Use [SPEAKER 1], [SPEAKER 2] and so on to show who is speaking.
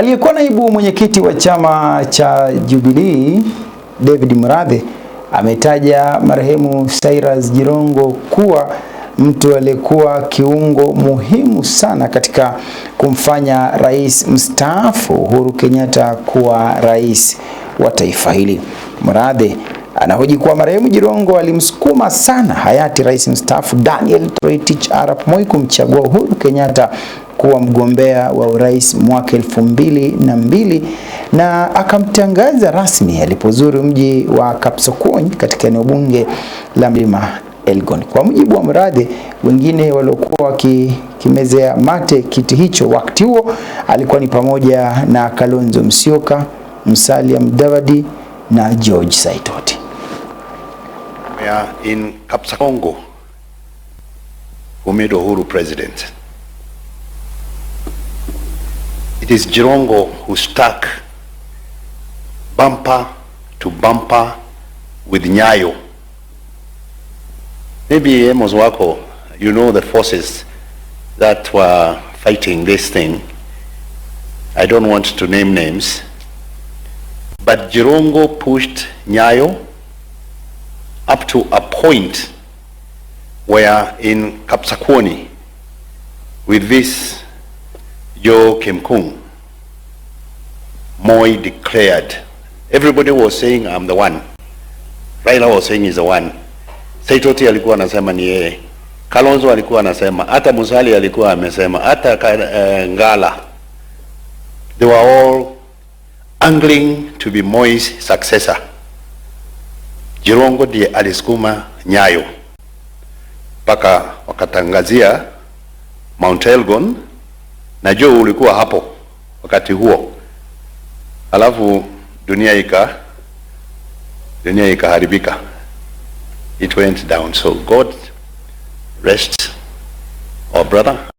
[SPEAKER 1] Aliyekuwa naibu mwenyekiti wa chama cha Jubilee David Murathe ametaja marehemu Cyrus Jirongo kuwa mtu aliyekuwa kiungo muhimu sana katika kumfanya rais mstaafu Uhuru Kenyatta kuwa rais wa taifa hili. Murathe anahoji kuwa marehemu Jirongo alimsukuma sana hayati rais mstaafu Daniel Toroitich arap Moi kumchagua Uhuru Kenyatta kuwa mgombea wa urais mwaka elfu mbili na mbili na akamtangaza rasmi alipozuru mji wa Kapsokony katika eneo bunge la Mlima Elgon. Kwa mujibu wa Mradhi, wengine waliokuwa wakikimezea mate kiti hicho wakati huo alikuwa ni pamoja na Kalonzo Musyoka, Musalia Mudavadi na George Saitoti.
[SPEAKER 2] We are in Kapsakongo who Uhuru president. It is Jirongo who stuck bumper to bumper with Nyayo. Maybe Amos eh, Wako, you know the forces that were fighting this thing. I don't want to name names. But Jirongo pushed Nyayo up to a point where in Kapsakoni, with this Joe Kim Kung, Moy declared, everybody was saying I'm the one. Raila was saying he's the one. Saitoti alikuwa anasema ni yeye. Kalonzo alikuwa anasema, hata Musali alikuwa amesema, hata uh, Ngala. They were all angling to be Moy's successor. Jirongo ndiye alisukuma nyayo mpaka wakatangazia Mount Elgon Najua ulikuwa hapo wakati huo, alafu dunia ika dunia ikaharibika, it went down. So God rest our brother.